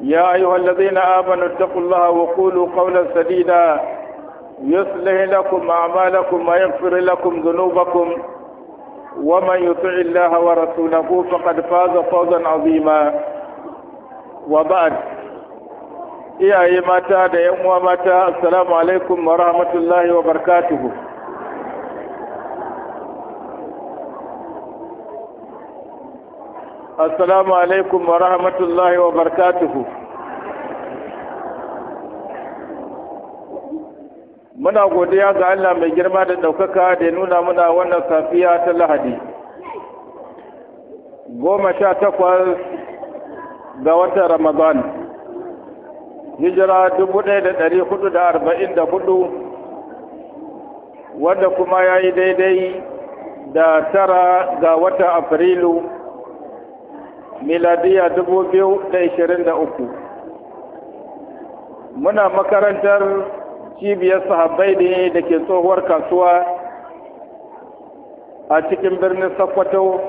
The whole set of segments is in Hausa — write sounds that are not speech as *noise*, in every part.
يا أيها الذين آمنوا اتقوا الله وقولوا قولا سديدا يصلح لكم أعمالكم ويغفر لكم ذنوبكم ومن يطع الله ورسوله فقد فاز فوزا عظيما وبعد يا أيها da 'yan uwa mata assalamu alaikum wa السلام عليكم ورحمة الله وبركاته muna godiya ga Allah mai girma da ɗaukaka da nuna muna wannan safiya ta Lahadi. Goma sha takwas ga watan Ramadan, hijira dubu ɗaya da ɗari hudu da arba'in da hudu, wanda kuma ya yi daidai da tara ga wata Afrilu miladiya uku. muna makarantar cibiyar sahabbai ne da ke tsohuwar kasuwa a cikin birnin Sakkwato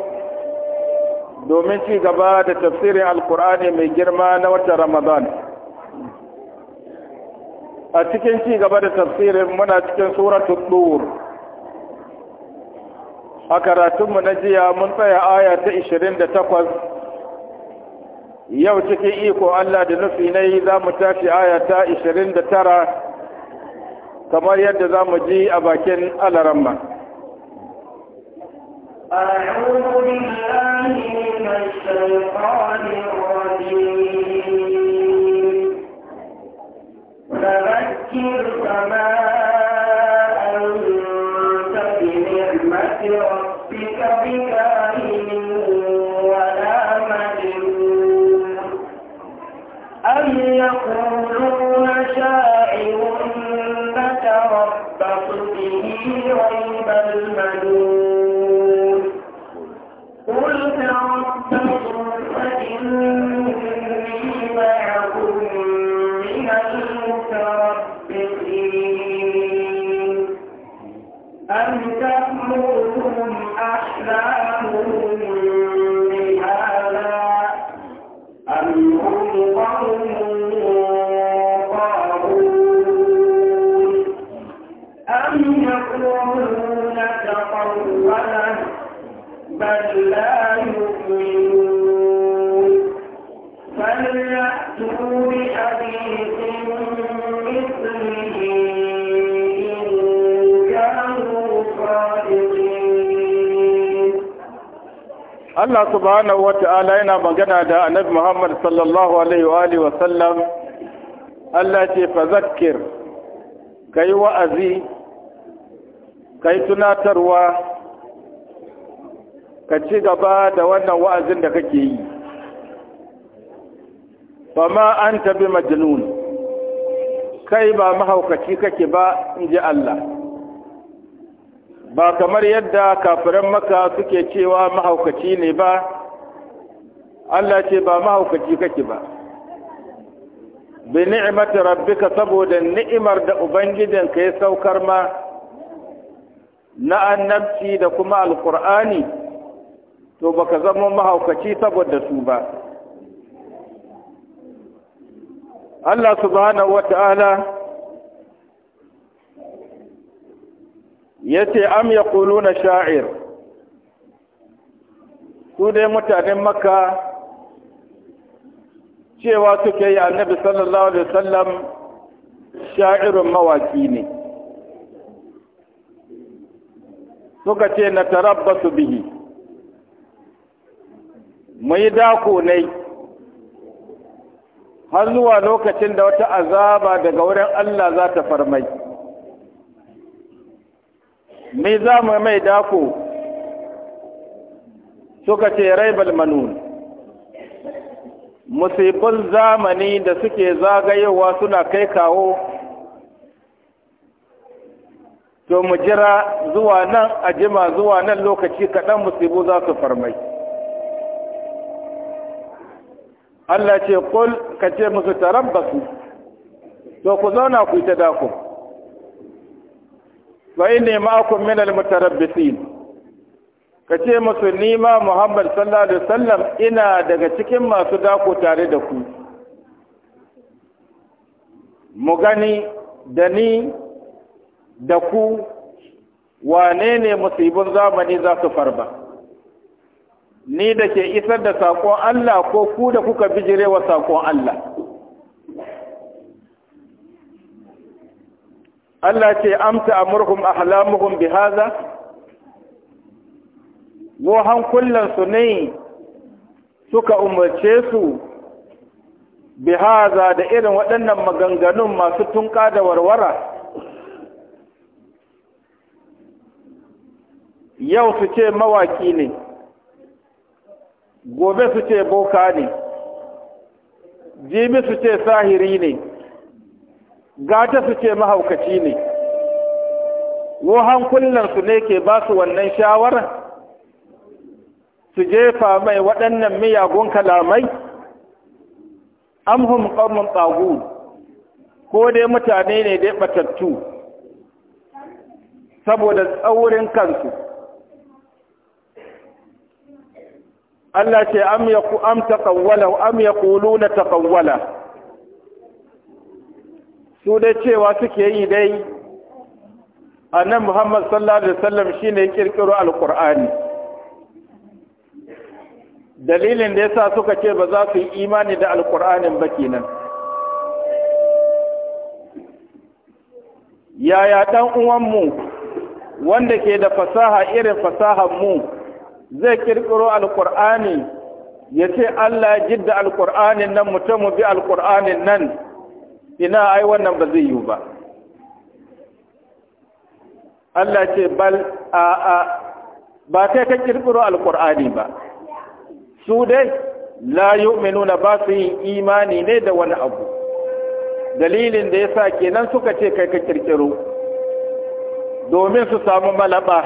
domin ci gaba da tafsirin alkur'ani mai girma na watan ramadan a cikin ci gaba da tafsirin muna cikin suratul dur a karatunmu na jiya mun tsaya aya ta takwas. yau cikin iko Allah da nufi na yi za mu tashi aya ta 29 kamar yadda za mu ji a bakin alaramma. أعوذ بالله من الشيطان الرجيم فذكر فما Allah subhanahu wa ta'ala yana magana da annabi Muhammad sallallahu alaihi wa alihi wa sallam Allah ce fa zakkir kai wa'azi kai tunatarwa ka ci gaba da wannan wa'azin da kake yi fa ma anta bi majnun kai ba mahaukaci kake ba in ji Allah ba kamar yadda kafiran maka suke cewa mahaukaci ne ba Allah ce ba mahaukaci kake ba bi ni'imati rabbika saboda ni'imar da ka ya saukar ma na annabci da kuma alkur'ani to baka zama mahaukaci saboda su ba Allah subhanahu Ta'ala. yace am yaquluna sha'ir su dai mutanen makka cewa suke yi annabi sallallahu alaihi wasallam sha'irun mawaki ne suka ce na tarabbasu bihi mu yi dako ne har zuwa lokacin da wata azaba daga wurin Allah za ta farmai me za mu mai dako suka ce raibal manun musibin zamani da suke zagayewa suna kai kawo to mu jira zuwa nan a jima zuwa nan lokaci kaɗan musibu za su farmai Allah ce kul ka ce musu tarabbasu to ku zauna ku yi ta dako fa inni ma'akum min al-mutarabbisin ka musu ni ma Muhammad sallallahu alaihi wasallam ina daga cikin masu dako tare da ku mu gani da ni da ku wane ne musibin zamani za su farba ni da ke isar da saƙon Allah ko ku da kuka bijirewa saƙon Allah Allah ce amta amurhum ahlamuhum bi bihaza. wo kullum su ne suka umarce su bihaza da irin waɗannan maganganun masu tunka da warwara yau su ce mawaki ne gobe su ce boka ne jimi su ce sahiri ne gata su ce mahaukaci ne wohan kullansu ne ke ba su wannan shawarar su jefa mai waɗannan miyagun kalamai amhum qaumun tsagu. ko dai mutane ne dai batattu saboda tsaurin kansu Allah ce am yaku am taqawwala am yaquluna taqawwala su dai cewa suke yi dai annan muhammad sallallahu alaihi wasallam shine ya kirkiro alqur'ani dalilin da yasa suka ce ba za su yi imani da alqur'anin ba kenan yaya dan uwanmu wanda ke da fasaha irin fasahar mu zai kirkiro alqur'ani ya ce Allah jidda alqur'anin nan mutum bi alqur'anin nan ina ai wannan ba zai yiwu ba Allah ce bal a a ba kai ka kirkiro alqur'ani ba su dai la yu'minuna ba su yin imani ne da wani abu dalilin da yasa kenan suka ce kai ka kirkiro domin su samu malaba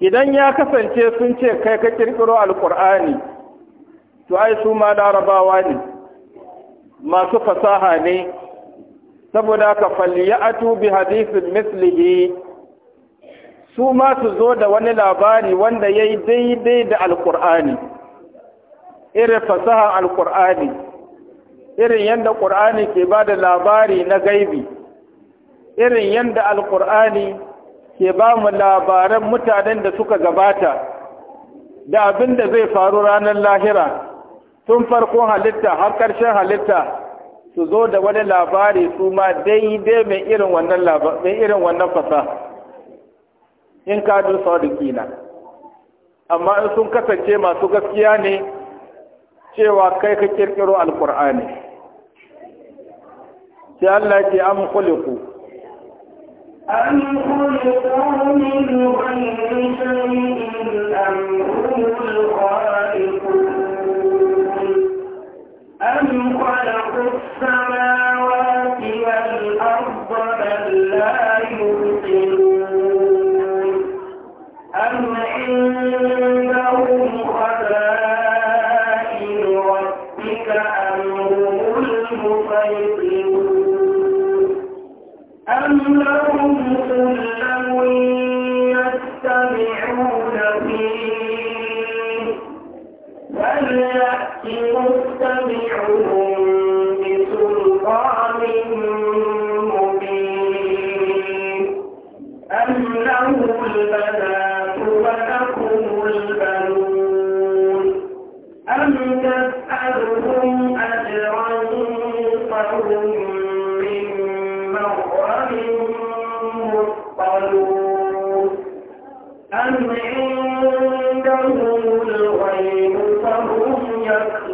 idan ya kasance sun ce kai ka kirkiro alkur'ani to ai su ma larabawa ne masu fasaha ne saboda ka atu bi hadisin mislihi su ma su zo da wani labari wanda ya yi daidai da alkur'ani irin fasaha alkur'ani irin yadda ƙur'ani ke bada labari na gaibi irin yadda alkur'ani ke ba mu labaran mutanen da suka gabata da abin da zai faru ranar lahira tun farkon halitta har ƙarshen halitta su zo da wani labari su ma daidai mai irin wannan mai irin wannan fasaha in ka dursa da kina amma in sun kasance masu gaskiya ne cewa kai ka kirkiro alkur'ani sai Allah ce am khuliqu am khuliqu min ghayri shay'in am أم خلقوا السماوات والأرض بل لا يبطلون أم عندهم خزائن ربك أم هم المسيطرون أم لهم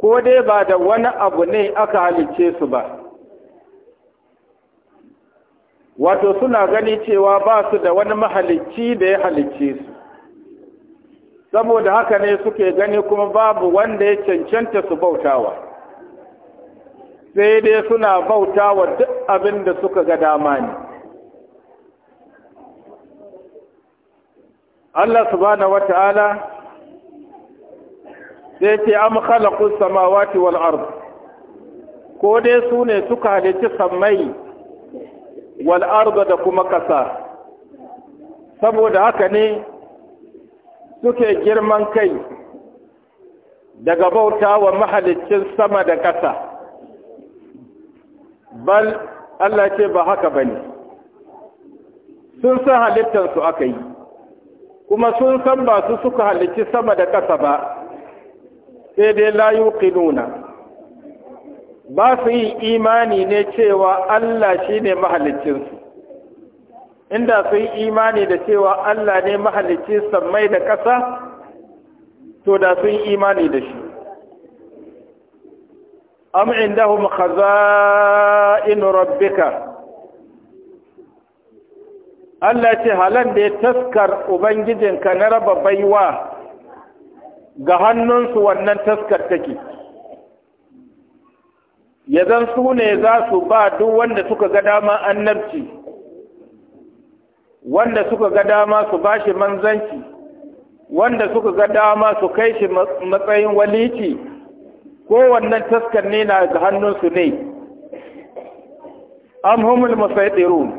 ko dai ba da wani abu ne aka halice su ba wato suna gani cewa ba su da wani mahalicci da ya halicce su saboda haka ne suke gani kuma babu wanda ya cancanta su bautawa sai dai suna bautawa duk abin da suka ga dama ne Allah subhanahu wata'ala sai ce am khalaqu samawati wal ard ko dai su ne suka halicci sammai wal ard da kuma kasa saboda haka ne suke girman kai daga bauta wa sama da kasa bal Allah ce ba haka bane sun san halittansu aka yi kuma sun san ba su suka halicci sama da kasa ba sai dai layu ƙinuna ba su yi imani ne cewa Allah shi ne mahalicinsu inda su yi imani da cewa Allah ne mahalicci sammai da ƙasa to da sun yi imani da shi am indahum khaza'in rabbika Allah ce halan da ya taskar ubangijinka na raba baiwa ga hannunsu wannan taskar take ya zan su ne za su ba duk wanda suka ga dama annabci wanda suka ga dama su ba shi manzanci wanda suka ga dama su kai shi matsayin walici ko wannan taskar ne na ga hannunsu ne am humul musaitirun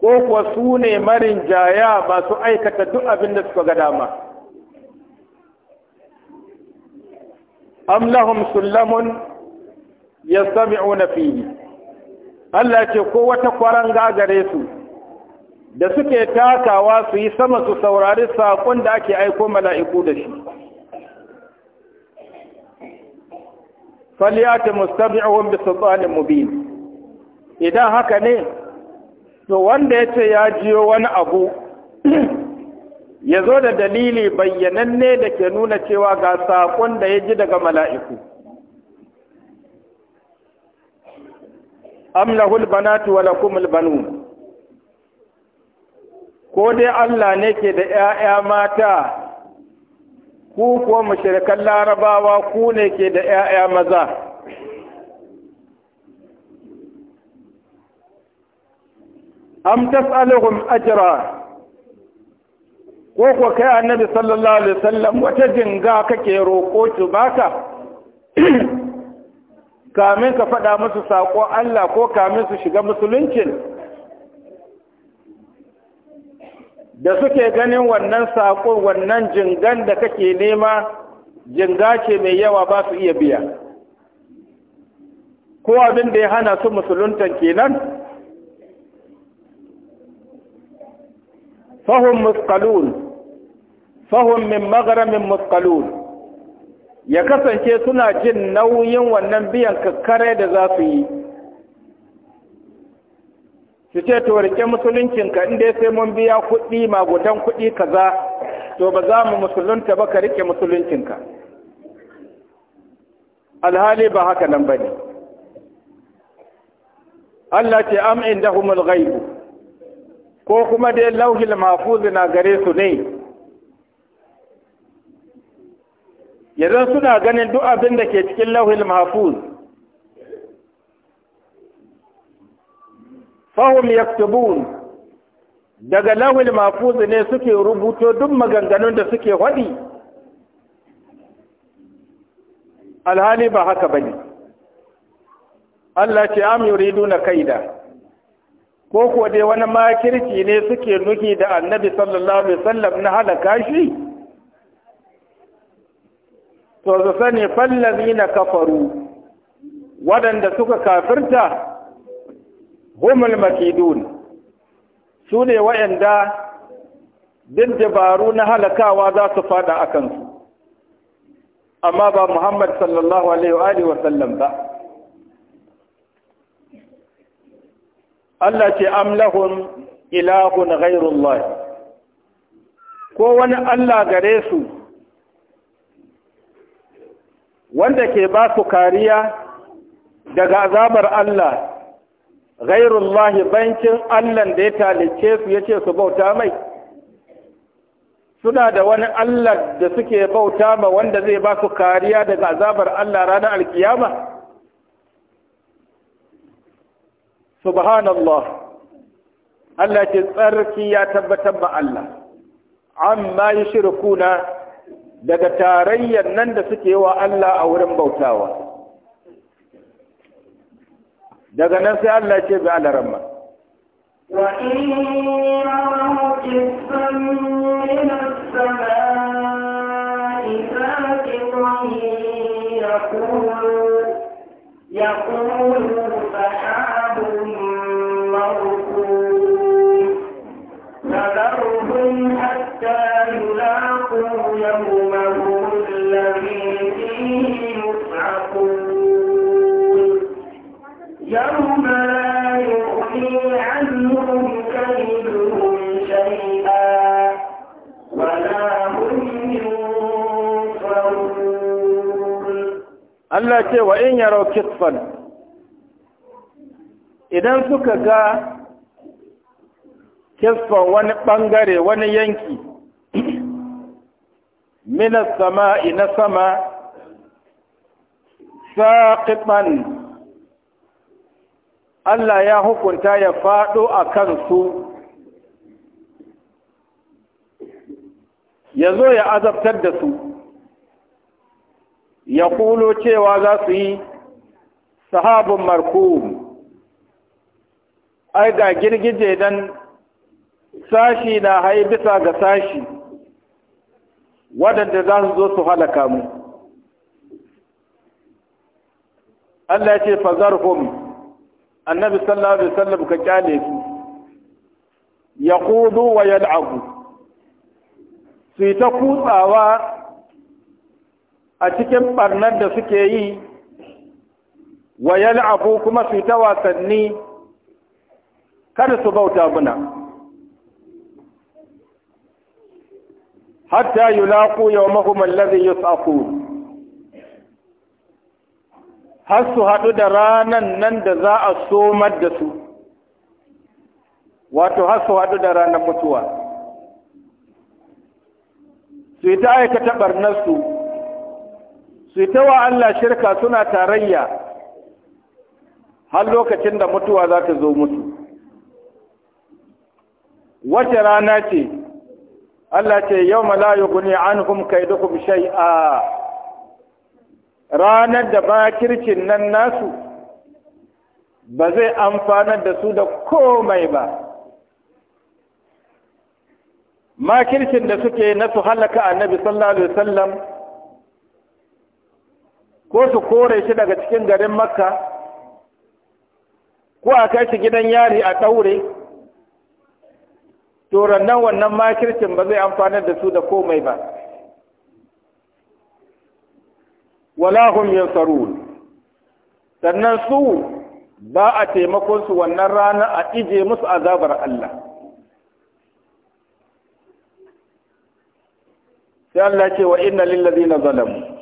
ko kuwa su ne marin jaya ba su aikata duk abin da suka ga dama am lahum sullamun yastami'una fihi Allah ce ko wata kwaran gagare su da suke takawa su yi sama su saurari saƙon da ake aiko mala'iku da shi faliyata mustabi'un bi sultanin mubin idan haka ne to wanda ya ce ya jiyo wani abu *clears throat* ya zo da dalili bayyananne da ke nuna cewa ga saƙon da ya ji daga mala'iku. Amlahul banatu wa lakumul banu ko dai Allah ne ke da ‘ya'ya mata, ku kuwa mashirkan larabawa ku ne ke da ‘ya'ya maza. Am tas'aluhum ajra ko kuwa kai annabi sallallahu alaihi wasallam wata jinga kake roƙo ki baka *clears throat* kamin ka faɗa musu saƙon Allah ko kamin su shiga musuluncin da suke ganin wannan saƙon wannan jingan da kake nema jinga ce mai yawa ba su iya biya ko abin da ya hana su musuluntan kenan فهم مثقلون فهم من مغرم مثقلون ya kasance suna jin nauyin wannan biyan kakkare da za su yi su ce to rike musuluncinka in dai sai mun biya kuɗi magudan kuɗi kaza to ba za mu musulunta ba ka rike musuluncinka alhali ba haka nan ba ne Allah ce am indahumul ghaibu ko kuma dai lauhil mahfuz na gare su ne yanzu suna ganin duk abin da ke cikin lauhil mahfuz fahim yaktubun daga lauhil mahfuz ne suke rubuto duk maganganun da suke waɗi alhali ba haka bane Allah ce am kai kaida ko ko dai wani makirci ne suke nuhi da annabi sallallahu alaihi wasallam na halaka shi to su sani fallazina kafaru waɗanda suka kafirta humul makidun su ne waɗanda bin dabaru na halakawa za su fada a kansu amma ba muhammad sallallahu alaihi wa sallam ba Allah ce am ilahun ghairullah ko wani Allah gare su wanda ke ba su kariya daga azabar Allah ghairullah bankin Allah da ya talice su yace su bauta mai suna da wani Allah da suke bauta ma wanda zai ba su kariya daga azabar Allah ranar alkiyama subhanallah Allah ce tsarki ya tabbatar ba Allah amma yushrikuna daga tarayyar nan da suke wa Allah a wurin bautawa daga nan sai Allah ce bi alaramma wa in Allah ce wa in yaro idan suka ga kisfan wani bangare wani yanki *clears throat* minas sama'i na sama saqitan Allah ya hukunta ya fado a su ya zo ya azabtar da su ya kulo cewa za su yi sahabun markum ai ga girgije dan sashi na hai bisa ga sashi waɗanda za su zo su halaka mu Allah ya ce fazarhum annabi sallallahu alaihi wasallam ka kyale su yaqudu wa yal'abu su ta kutsawa a cikin ɓarnar da suke yi wa yal'abu kuma su ta wasanni kada su bauta muna hatta yulaqu yawmahum alladhi yus'aqun har su haɗu da ranan nan da za a somar da su wato har su haɗu da ranar mutuwa su yi ta aikata ɓarnarsu su ta wa Allah shirka suna tarayya har lokacin da mutuwa za ta zo mutu wace rana ce Allah ce yau la kai duk kaidukum shay'a ranar da bakircin nan nasu ba zai amfanar da su da komai ba makircin da suke nasu su halaka annabi sallallahu alaihi wasallam ko su kore shi daga cikin garin makka ko a kai shi gidan yari a ɗaure turannan wannan makircin ba zai amfanar da su da komai ba wala hum yansarun sannan su ba a taimakon su wannan rana a ije musu azabar Allah sai Allah ce wa inna lillazina zalamu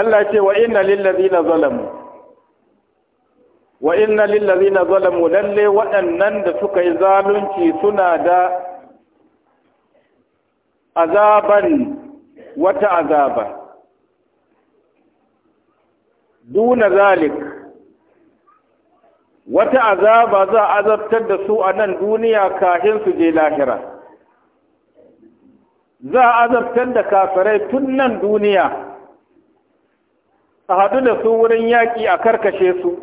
Allah ce wa inna na zalamu wa inna na zalamu lalle waɗannan da suka yi zalunci suna da azaban wata azaba duna zalik wata azaba za a azabtar da su a nan duniya kafin su je lahira za a azabtar da kafirai tun nan duniya a haɗu da su wurin yaƙi a karkashe su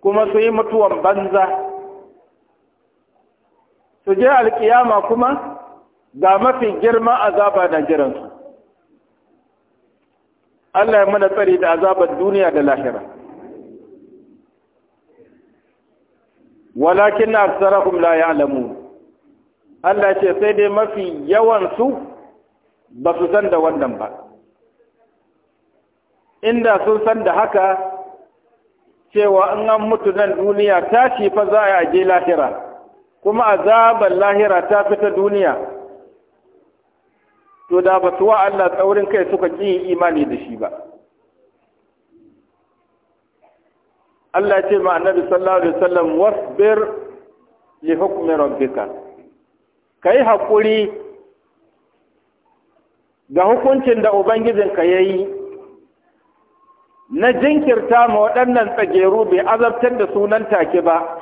kuma su yi mutuwan banza su je alkiyama kuma ga mafi girma azaba na jiransu Allah ya mana tsari da azabar duniya da lahira walakin na aksarahum la ya'lamu Allah ce sai dai mafi yawan su ba su san da wannan ba inda sun san da haka cewa in an mutu nan duniya ta fa za a je lahira kuma azabar lahira ta fita duniya to da ba wa Allah tsaurin kai suka ƙi imani da shi ba Allah ce ma annabi sallallahu alaihi wasallam wasbir li hukmi rabbika kai hakuri ga hukuncin da ubangijinka yayi na jinkirta ma waɗannan tsageru bai azabtar da sunan take ba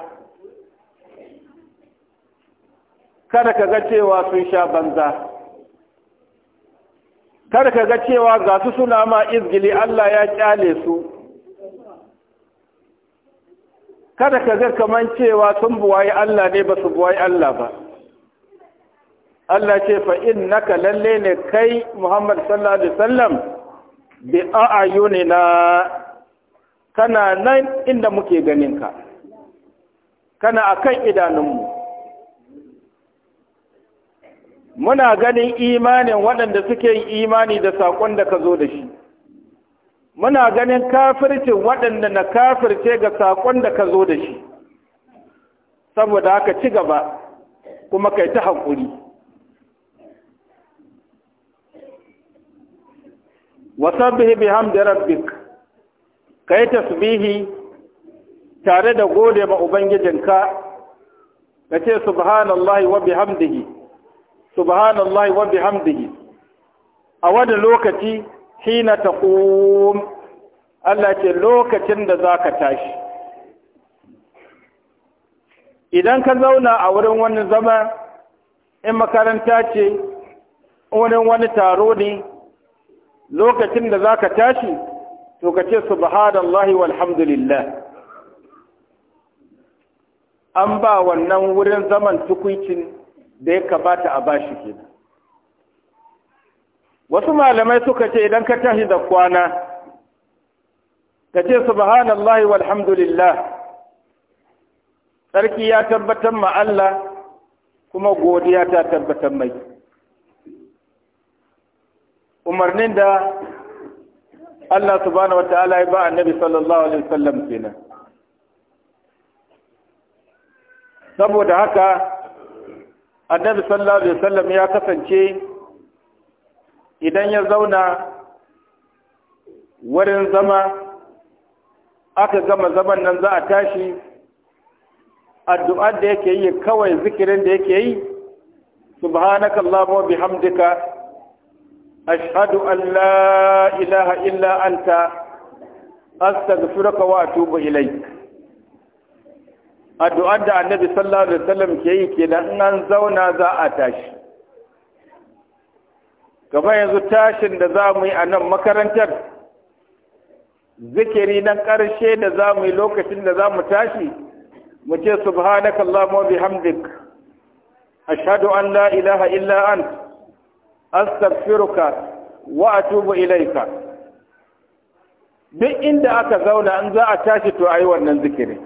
kada ka ga cewa sun sha banza kada ka ga cewa ga su suna ma izgili Allah ya kyale su kada ka ga kaman cewa sun buwayi Allah ne ba su buwayi Allah ba Allah ce fa innaka lalle ne kai Muhammad sallallahu alaihi wasallam bi na kana nan inda muke ganin ka kana akan idanunmu muna ganin imanin waɗanda suke yin imani da saƙon da ka zo da shi muna ganin kafircin waɗanda na kafirce ga saƙon da ka zo da shi saboda haka ci gaba kuma kai ta haƙuri wasabbihi bihamdi rabbik kai tasbihi tare da gode ma ubangijinka ka ce subhanallahi wa bihamdihi subhanallahi wa bihamdihi a wani lokaci hina taqum Allah ce lokacin da zaka tashi idan ka zauna a wurin wani zama in makaranta ce wurin wani taro ne lokacin da za ka tashi to ka ce subhanallahi walhamdulillah an ba wannan wurin zaman tukuicin da ya kamata a bashi kenan wasu malamai suka ce idan ka tashi da kwana ka ce subhanallahi walhamdulillah sarki ya tabbatar ma Allah kuma godiya ta tabbatar mai umarnin da Allah subhanahu wa ta'ala ya ba annabi sallallahu alaihi wasallam kenan saboda haka annabi sallallahu alaihi wasallam ya kasance idan ya zauna wurin zama aka gama zaman nan za a tashi addu'ar da yake yi kawai zikirin da yake yi subhanakallahumma bihamdika أشهد أن لا إله إلا أنت أستغفرك وأتوب إليك addu'ar da annabi sallallahu alaihi wasallam ke yi kenan in an zauna za a tashi kamar yanzu tashin da za mu yi a nan makarantar zikiri na ƙarshe da za mu yi lokacin da za mu tashi mu ce subhanakallahumma bihamdik ashhadu an la ilaha illa anta أستغفرك wa إليك ilaika duk inda aka zauna in za a tashi to ayi wannan zikiri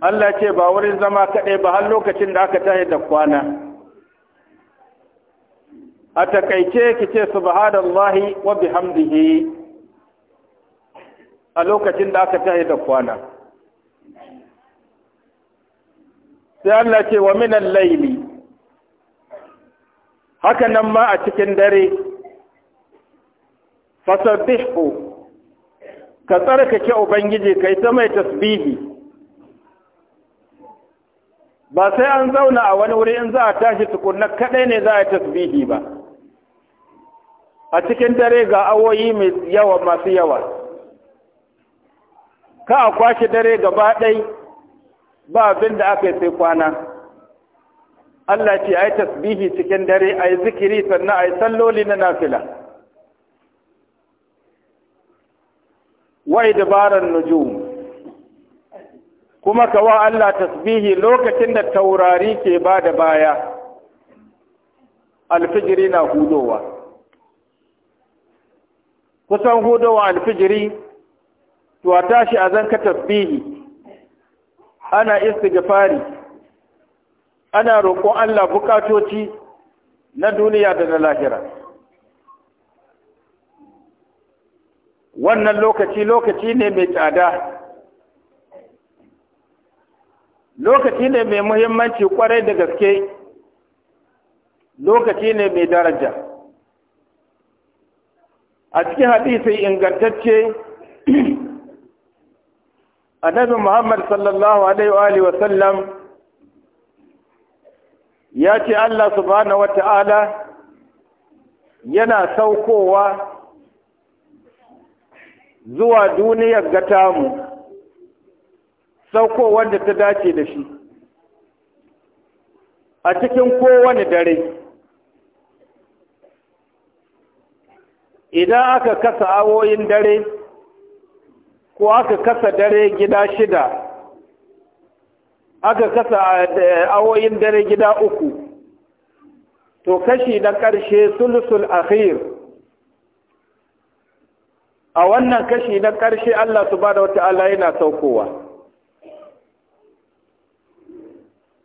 Allah ce ba wurin zama kaɗai ba har lokacin da aka tashi da kwana a takaice ki ce subhanallahi wa bihamdihi a lokacin da aka tashi da kwana sai Allah ce wa minan laili haka nan ma a cikin dare fasabihu ka tsarkake ubangiji kai ta mai tasbihi ba sai an zauna a wani wuri in za a tashi tukunna kadai ne za a tasbihi ba a cikin dare ga awoyi mai yawa masu yawa ka a kwashe dare gaba ɗai ba abin da aka yi sai kwana Allah ce ai tasbihi cikin dare ai zikiri sannan ai salloli na nafila wai dabarar nujum kuma kawa Allah tasbihi lokacin da taurari ke ba da baya alfijiri na hudowa kusan hudowa alfijiri to a tashi a zanka tasbihi ana istighfari ana roƙon Allah bukatoci na duniya da na lahira wannan lokaci lokaci ne mai tsada lokaci ne mai muhimmanci kwarai da gaske lokaci ne mai daraja a cikin hadisi ingantacce *clears throat* annabi muhammad sallallahu alaihi wa sallam ya ce Allah subhanahu wata'ala yana saukowa zuwa duniyar gatamu saukowar da ta dace da shi a cikin kowane dare idan aka kasa awoyin dare ko aka kasa dare gida shida aka kasa eh, awoyin dare gida uku to kashi na ƙarshe sulusul akhir a wannan kashi na ƙarshe Allah subhanahu wata'ala yana saukowa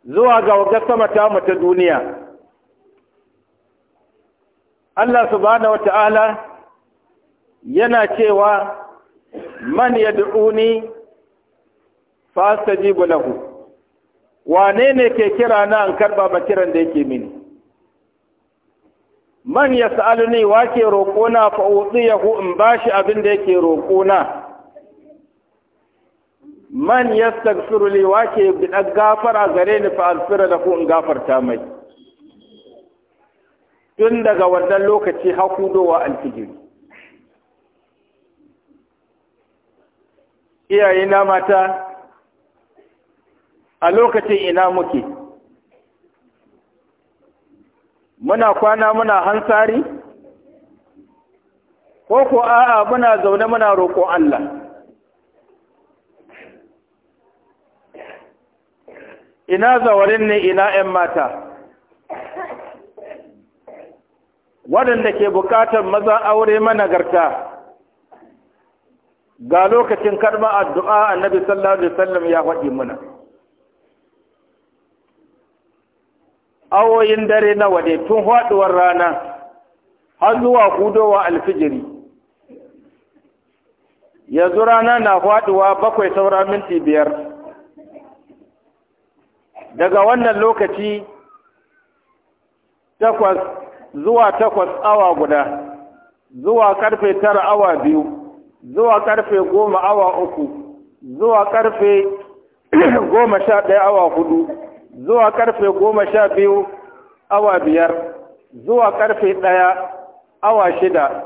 zuwa ga waga sama ta ta duniya Allah subhanahu wata'ala yana cewa man yad'uni fastajibu lahu wane ne ke kira na an karba ba kiran da yake mini man ya ne wa ke roƙona fa utsiyahu in bashi abin da yake na man ya li wa ke biɗa gafara gare ni fa alfira da ku in gafarta mai tun daga wannan lokaci hakudowa alfijiri iyayena mata a lokacin ina muke muna kwana muna hansari ko ko a'a muna zaune muna roƙo Allah ina zawarin ne ina 'yan mata waɗanda ke buƙatar maza aure managarta ga lokacin karɓar addu'a annabi sallallahu alaihi wasallam ya faɗi muna. awoyin dare na ne tun faɗuwar rana har zuwa hudowa alfijiri yanzu rana na faɗuwa bakwai saura minti biyar daga wannan lokaci takwas zuwa takwas awa guda zuwa karfe tara awa biyu zuwa karfe goma awa uku zuwa karfe *clears throat* goma sha ɗaya awa hudu zuwa karfe goma sha biyu awa biyar zuwa karfe ɗaya awa shida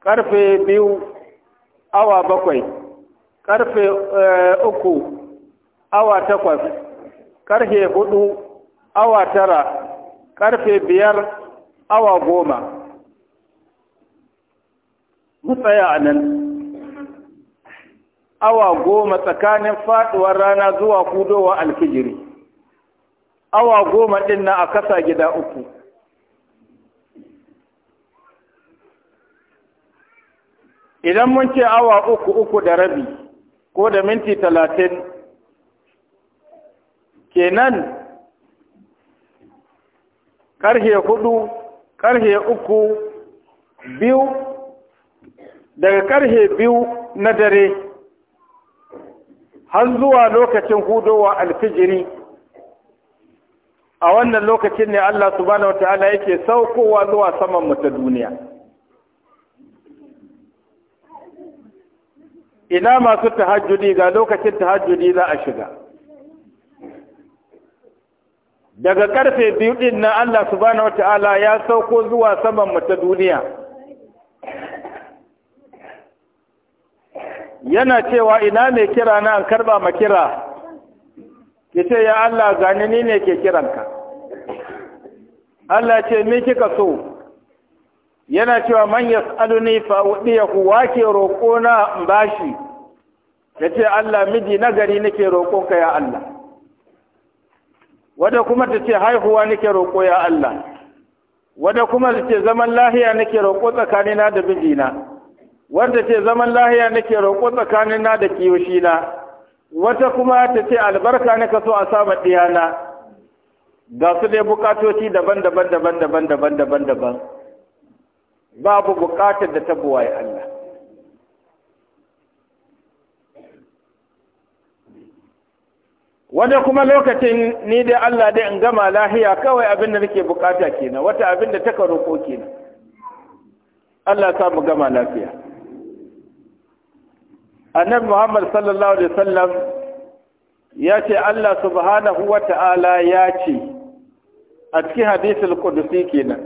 karfe biyu awa bakwai karfe eh, uku awa takwas karfe hudu awa tara karfe biyar awa goma mu tsaya a nan awa goma tsakanin faduwar rana zuwa kudowa alfijiri awa goma ɗin na a kasa gida uku idan mun ce awa uku uku da rabi ko da minti talatin kenan karhe hudu karhe uku biyu daga karhe biyu na dare har zuwa lokacin hudowa alfijiri a wannan lokacin ne Allah subhanahu wataala yake saukowa zuwa saman mu duniya ina masu tahajjudi ga lokacin tahajjudi za a shiga daga karfe biyu din na Allah subhanahu wataala ya sauko zuwa saman mu duniya yana cewa ina mai kira na an karba makira ki ce ya Allah gani ne ke kiranka Allah ce me kika so yana cewa man yas'aluni fa udiyahu ke roƙo na bashi yace Allah miji nagari nake roko ka ya Allah wada kuma tace haihuwa nake roƙo ya Allah wada kuma tace zaman lahiya nake roƙo tsakanina da mijina wanda ce zaman lahiya nake roƙo tsakanina da kiyoshina wata kuma tace albarka nake so a saba diyana ga su dai bukatoci daban-daban daban-daban daban-daban daban babu bukatar da ta buwaye Allah wani kuma lokacin ni dai Allah dai in gama lahiya kawai abin da nake bukata kenan wata abin da taka roko kenan Allah sa mu gama lafiya annabi Muhammad sallallahu alaihi wasallam ya ce Allah subhanahu wata'ala ya ce a cikin hadisul qudusi kenan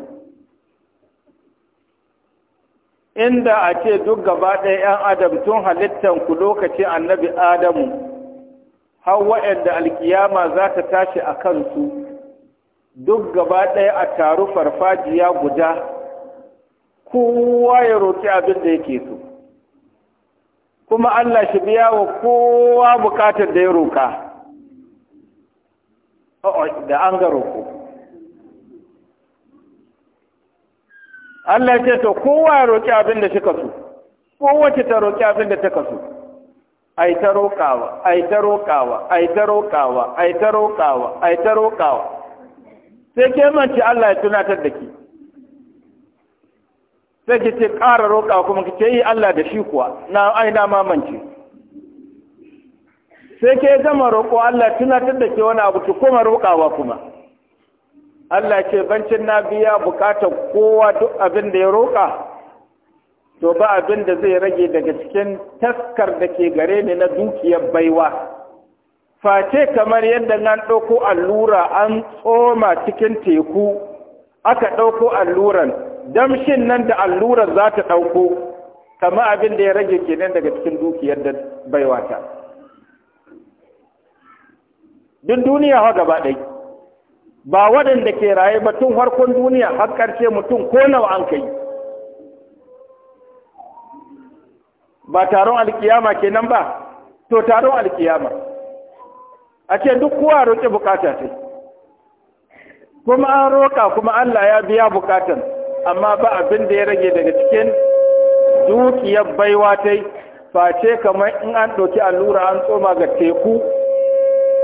inda a ce duk gaba ɗaya 'yan adam tun halittan ku lokacin annabi adamu har waɗanda alkiyama za ta tashi a kansu duk gaba ɗaya a taru farfajiya guda kowa ya roƙi abin da yake so kuma Allah shi biya wa kowa bukatar da ya roƙa oh, oh, da an ga roƙo Allah ce to kowa ya roƙi abin da suka so kowace ta roƙi abin da ta kaso ai ta roƙawa ai ta roƙawa ai ta roƙawa ai ta roƙawa ai ta roƙawa sai ke ci Allah ya tunatar da ki sai ki ce ƙara roƙawa kuma ki ce yi Allah da shi kuwa na ai na mamance sai ke gama roƙo Allah tunatar da ke wani abu ki koma roƙawa kuma Allah ce bancin na biya bukatar kowa duk abin da ya roƙa to ba abin da zai rage daga cikin taskar da ke gare ni na dukiyar baiwa face kamar yadda nan ɗauko allura an tsoma cikin teku aka ɗauko alluran damshin nan da allurar za ta ɗauko kama abin da ya rage kenan daga cikin dukiyar da baiwata duk duniya hau gaba ɗai ba waɗanda ke raye ba tun farkon duniya har ƙarshe mutum ko nawa an kai ba taron alkiyama kenan ba to taron alkiyama a ce duk kowa roƙe bukata ce kuma an roƙa kuma Allah ya biya bukatan amma ba abin da ya rage daga cikin dukiyar baiwa ta yi face kamar in an ɗauki allura an tsoma ga teku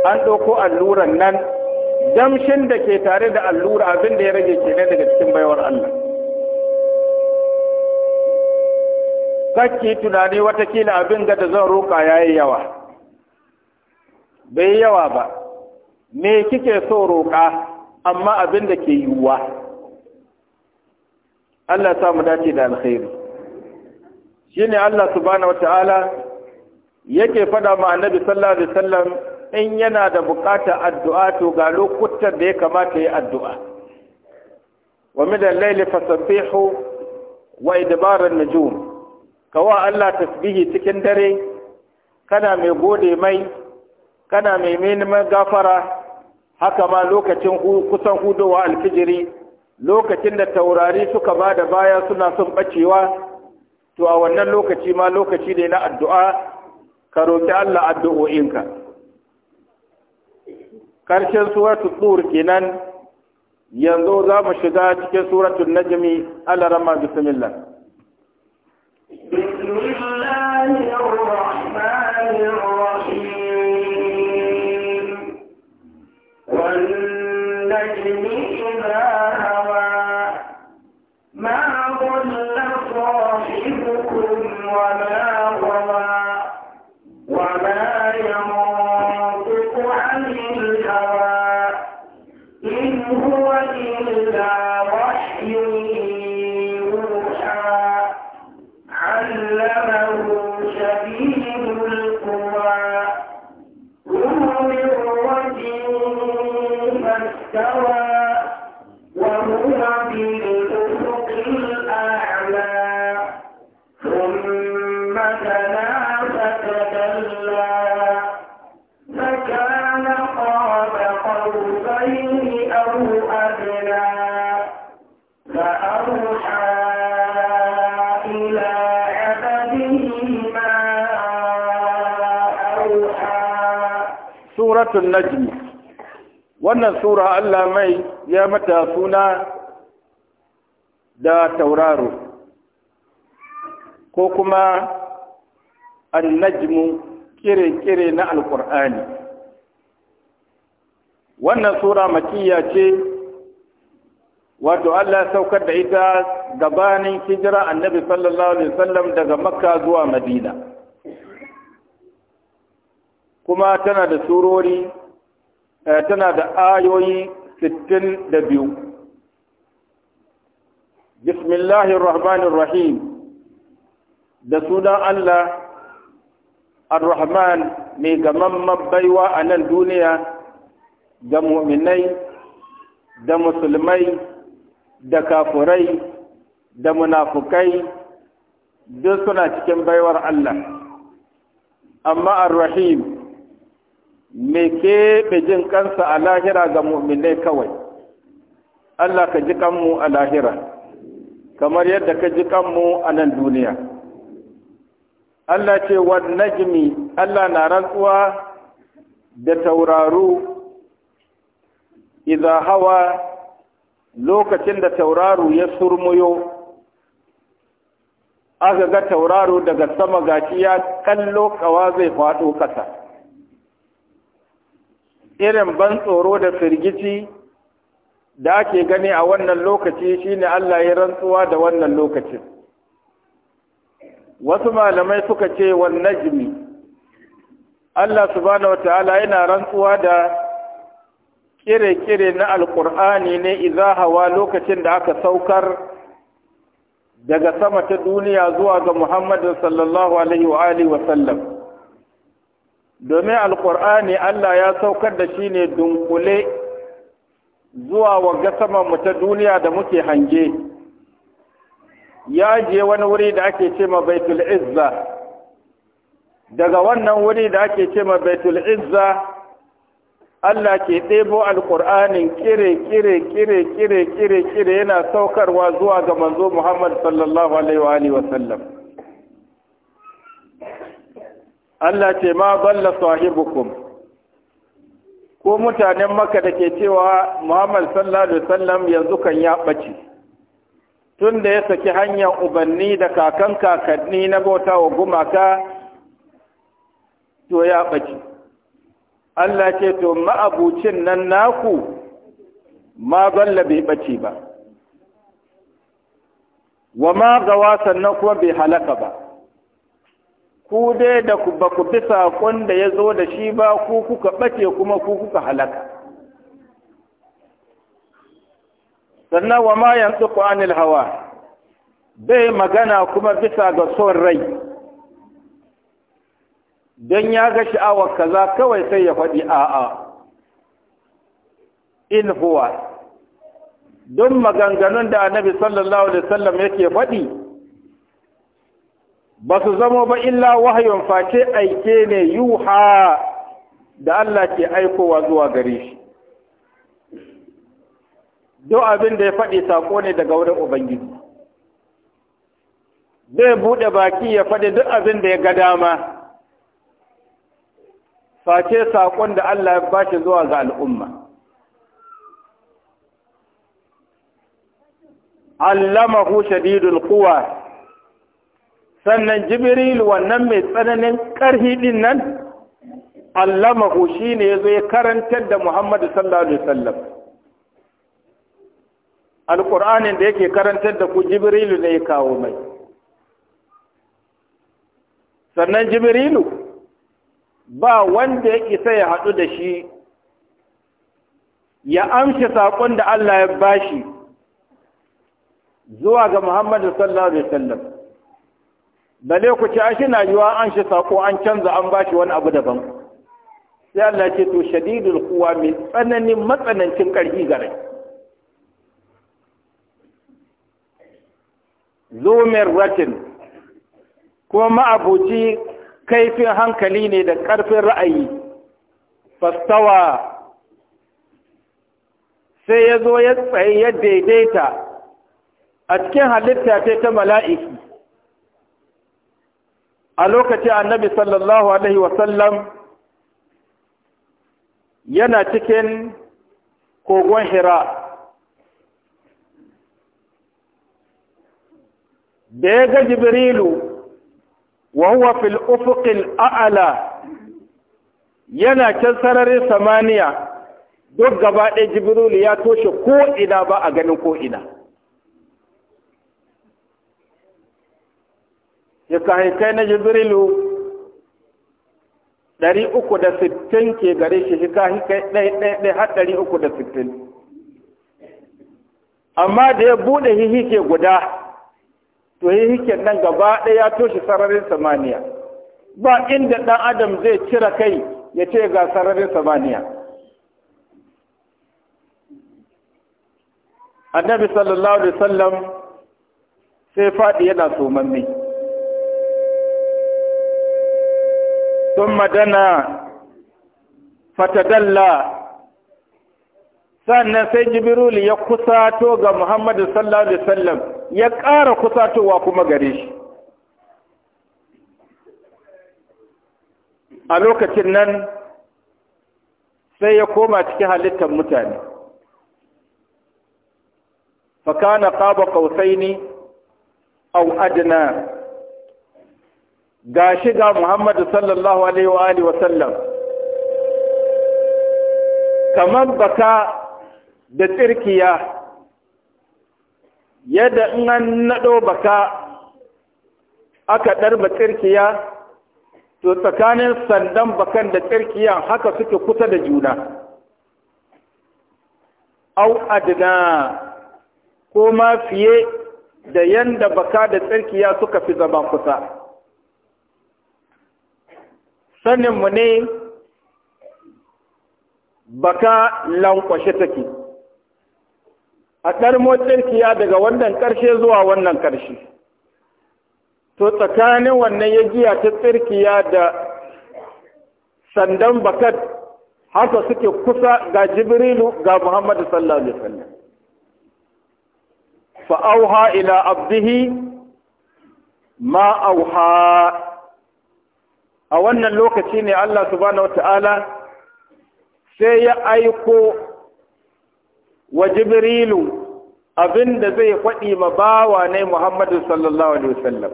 an ɗauko alluran nan damshin da ke tare da allura abin da ya rage ke daga cikin baiwar Allah kakki tunani watakila abin ga da zan roƙa ya yi yawa bai yawa ba me kike so roƙa amma abin da ke yiwuwa Allah samu dace da alkhairu. Shi ne Allah subhanahu ta’ala yake fada ma annabi sallallahu alaihi wasallam in yana da buƙatar addu'a to ga lokutan da ya kamata ya addu'a wa min al-layli fasabbihu wa idbar an-nujum kawa Allah tasbihi cikin dare kana mai gode mai kana mai neman gafara haka ma lokacin kusan hudowa alfijiri lokacin da taurari suka ba da baya suna son bacewa to a wannan lokaci ma lokaci ne na addu'a ka roƙi Allah addu'o'inka ƙarshen suratul tur kenan yanzu za mu shiga cikin suratul najmi alarama bismillah suratun najmi wannan sura Allah mai ya mata suna da tauraro ko kuma annajmu kire-kire na Alƙur'ani. wannan sura makiyya ce wato Allah saukar da ita gabanin hijira annabi sallallahu alaihi wasallam daga makka zuwa madina kuma tana da surori eh, tana da ayoyi sittin da biyu bismillahirrahmanirrahim da sunan Allah ar-Rahman mai gamamman baiwa a nan duniya ga muminai da musulmai da kafurai da munafukai duk suna cikin baiwar Allah amma ar-Rahim Me ke keɓe jin kansa a lahira ga mu'minai kawai Allah ka ji kanmu a lahira kamar yadda ka ji kanmu a nan duniya Allah ce wa najmi Allah na rantsuwa da tauraru. idza hawa lokacin da tauraru ya surmuyo aka ga tauraro daga sama gashi ya kallo kawa zai faɗo ƙasa irin ban tsoro da firgici da ake gani a wannan lokaci shine Allah ya rantsuwa da wannan lokacin wasu malamai suka ce wan najmi Allah subhanahu ta'ala yana rantsuwa da kire-kire na alƙur'ani ne iza hawa lokacin da aka saukar daga sama ta duniya zuwa ga Muhammadu sallallahu alaihi wa alihi wa domin alkur'ani Allah ya saukar da shi ne dunkule zuwa waga saman mu ta duniya da muke hange ya je wani wuri da ake ce ma baitul izza daga wannan wuri da ake ce ma baitul izza Allah ke ɗebo alkur'anin kire kire kire kire kire kire yana saukarwa zuwa ga manzo Muhammad sallallahu alaihi wa sallam Allah ce ma balla sahibukum ko mutanen maka da ke cewa Muhammad sallallahu alaihi wasallam yanzu kan ya ɓace tun da ya saki hanyar ubanni da kakan kakanni na bauta wa gumaka to ya ɓace Allah ce to ma'abucin nan naku ma balla bai ɓace ba wa ma gawa sannan kuma bai halaka ba ku dai da ba ku bi saƙon da ya zo da shi ba ku kuka ɓace kuma ku kuka halaka sannan wa ma yanzu ku anil hawa bai magana kuma bisa ga son rai don ya ga sha'awar kaza kawai sai ya faɗi a'a in huwa don maganganun da annabi sallallahu alaihi wasallam yake faɗi ba su zamo ba illa wahayon face aike ne yuha da Allah ke aikowa zuwa gare shi Do abin da ya faɗi saƙo ne daga wurin ubangiji zai buɗe baki ya faɗi duk abin da ya ga dama face saƙon da Allah ya bashi zuwa ga al'umma. Allamahu shadidul kuwa. sannan jibril wannan mai tsananin ƙarfi din nan allamahu shi ne ya zo ya karantar da muhammadu sallallahu alaihi wasallam alƙur'anin da yake karantar da ku jibrilu ne ya kawo mai sannan jibrilu ba wanda ya isa ya haɗu da shi ya amshi saƙon da Allah ya bashi zuwa ga Muhammadu sallallahu alaihi wasallam bale ku ci ashi na yiwa an shi sako an canza an ba shi wani abu daban sai Allah ce to shadidul quwa mai tsananin matsanancin karfi gare zumir ratin kuma ma'abuci kaifin hankali ne da karfin ra'ayi fastawa sai ya zo ya tsaye ya daidaita a cikin halitta ta mala'iki a lokacin annabi sallallahu alaihi wasallam yana cikin kogon hira da ya ga jibrilu wa huwa fil ufuqil a'la yana can sararin samaniya duk gaba ɗaya jibrilu ya toshe ko ina ba a ganin ko ina kai na jibrilu ɗari uku da sittin ke gare shi kai ɗai-ɗai har ɗari uku da sittin amma da ya buɗe hihike guda to hihiken nan gaba ɗaya ya toshe sararin samaniya ba inda ɗan adam zai cira kai ya ce ga sararin samaniya annabi sallallahu alaihi wasallam sai faɗi yana somamme ثم دنا fatadalla sannan sai jibril ya kusato ga muhammadu sallallahu alaihi wasallam ya ƙara kusatowa kuma gare shi a lokacin nan sai ya koma cikin halittar mutane fakana qaba qausaini aw adna ga shi ga muhammad sallallahu alaihi wa alihi kamar baka da tsirkiya yadda in an naɗo baka aka ɗarba tsirkiya to tsakanin sandan bakan da tsirkiya haka suke kusa da juna au adna ko ma fiye da yanda baka da tsirkiya suka fi zama kusa sanin mu ne baka lankwashe take a ƙarmo tsirkiya daga wannan ƙarshe zuwa wannan ƙarshe to tsakanin wannan ya giya ta tsirkiya da sandan bakat haka suke kusa ga jibrilu ga muhammadu sallallahu alaihi wasallam fa auha ila abdihi ma auha a wannan lokaci ne Allah subhanahu wata'ala sai ya aiko wa jibrilu abin da zai faɗi ma bawa ne Muhammadu sallallahu alaihi wasallam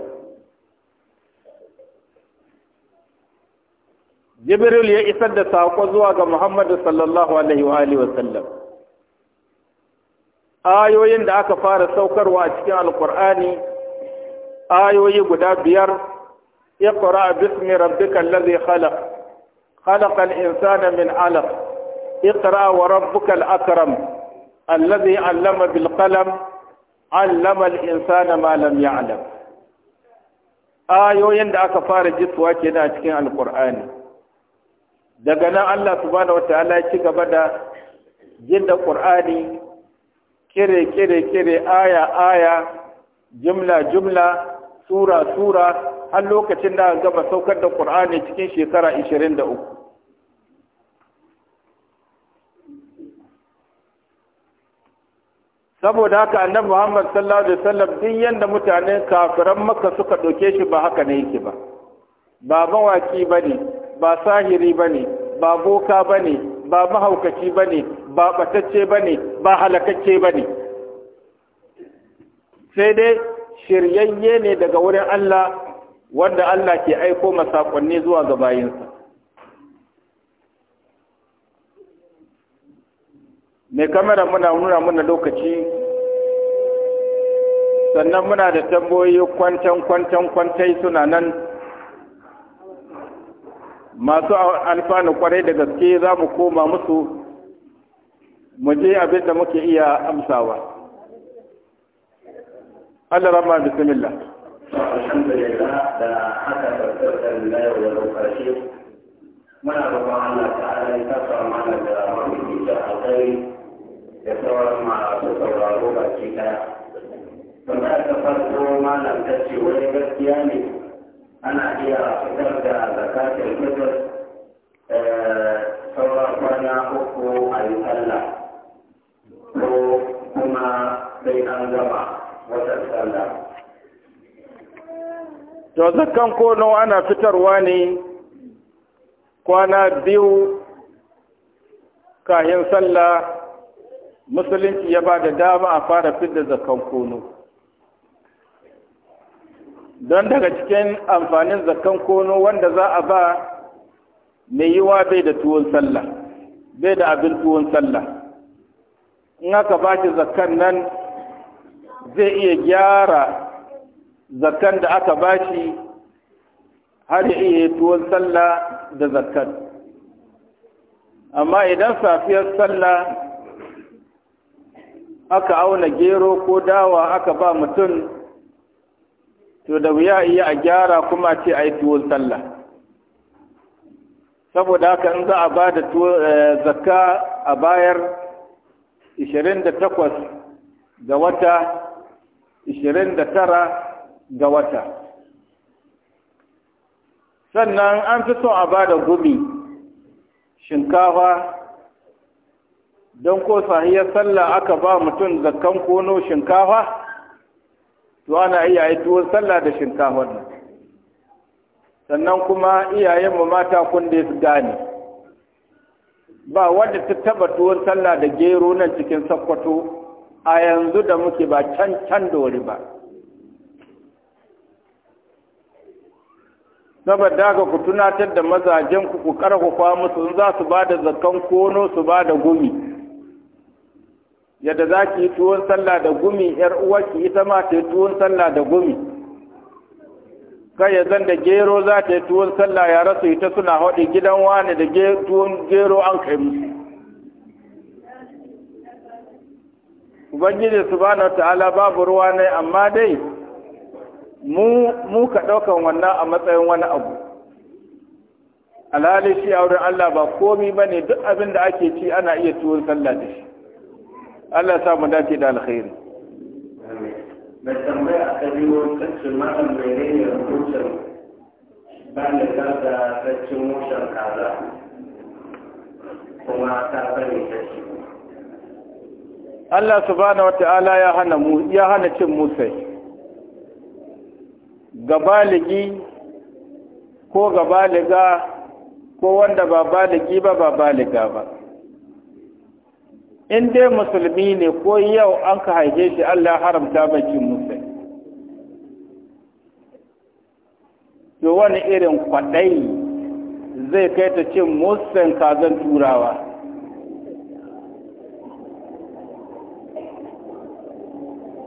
Jibril ya isar da saƙo zuwa ga Muhammadu sallallahu alaihi wa wasallam ayoyin da aka fara saukarwa a cikin alkur'ani ayoyi guda biyar اقرأ باسم ربك الذي خلق خلق الإنسان من علق اقرأ وربك الأكرم الذي علم بالقلم علم الإنسان ما لم يعلم ayoyin da aka fara jisuwa ke a cikin Alƙur'ani, daga nan allah subhanahu wa ta'ala ya ci gaba da jinda ƙur'ani kire kire kire aya aya jumla jumla sura sura har lokacin da gaba saukar da Qur'ani cikin shekara 23 saboda haka annabi Muhammad sallallahu alaihi wasallam duk yanda mutanen kafiran maka suka doke shi ba haka ne yake ba ba mawaki bane ba sahiri bane ba boka bane ba mahaukaci bane ba batacce bane ba halakacce bane sai dai shiryayye ne daga wurin Allah wanda Allah ke aiko masakonni zuwa ga bayinsa mai kamara muna nuna muna lokaci sannan muna da tambayoyi kwantan kwantan kwantai suna nan masu alfanu kwarai da gaske za mu koma musu mu je abin da muke iya amsawa. قال رب بسم الله الحمد لله حتى فكرت الله ولو فشل ما رب الله تعالى يتصر معنا في جهتين يتصر مع رسول الله ربا فما تفرد ما لم تسي ولبت يعني. أنا هي فكرت زكاة الفطر آه، صلى الله عليه وسلم وكما بين الجماعه to zakan kono ana fitarwa ne kwana biyu kayan sallah musulunci ya ba da dama a fara fidda zakan kono don daga cikin amfanin zakan kono wanda za a ba mai yiwa bai da tuwon sallah bai da abin tuwon sallah in aka ba shi zakan nan zai iya gyara zakan da aka bashi har ya iya tuwon sallah da zakan amma idan safiyar sallah aka auna gero ko dawa aka ba mutum to da wuya iya a gyara kuma ce a yi tuwon sallah saboda haka in za a ba da eh, zakka a bayar 28 ga wata da tara ga wata sannan an fi son a ba da gumi shinkafa don ko sahiyar sallah aka ba mutum zakkan kono shinkawa, to ana iya yi tuwon sallah da shinkawar nan sannan kuma iyayenmu mata kun da su gane ba wadda ta taba tuwon sallah da gero nan cikin sakkwato a yanzu da muke ba can can da wuri ba saboda ku tunatar da mazajen ku ku karfafa musu za su ba da zakan kono su ba da gumi yadda za ki yi tuwon sallah da gumi yar uwarki ita ma ta yi tuwon sallah da gumi kai ya zan da gero za ta yi tuwon sallah ya rasu ita suna haɗe gidan wani da tuwon gero an kai musu ubangiji subhanahu ta'ala babu ruwa ne amma dai mu mu ka ɗaukan wannan a matsayin wani abu alhali shi a wurin Allah ba komi ba ne duk abin da ake ci ana iya tuwon sallah da shi Allah ya samu dace da alkhairi mai tambaya a biyu kacin malam mai ne da hukuncin ba da kaza kacin mushen kaza kuma ta bane kacin Allah subhanahu ta'ala ya hana mu ya hana cin musai ga baligi ko ga baliga ko wanda ba baligi ba ba baliga ba in dai musulmi ne ko yau an ka haife shi Allah haramta ba cin musai to wani irin kwaɗayi zai kai ta cin musan kazan turawa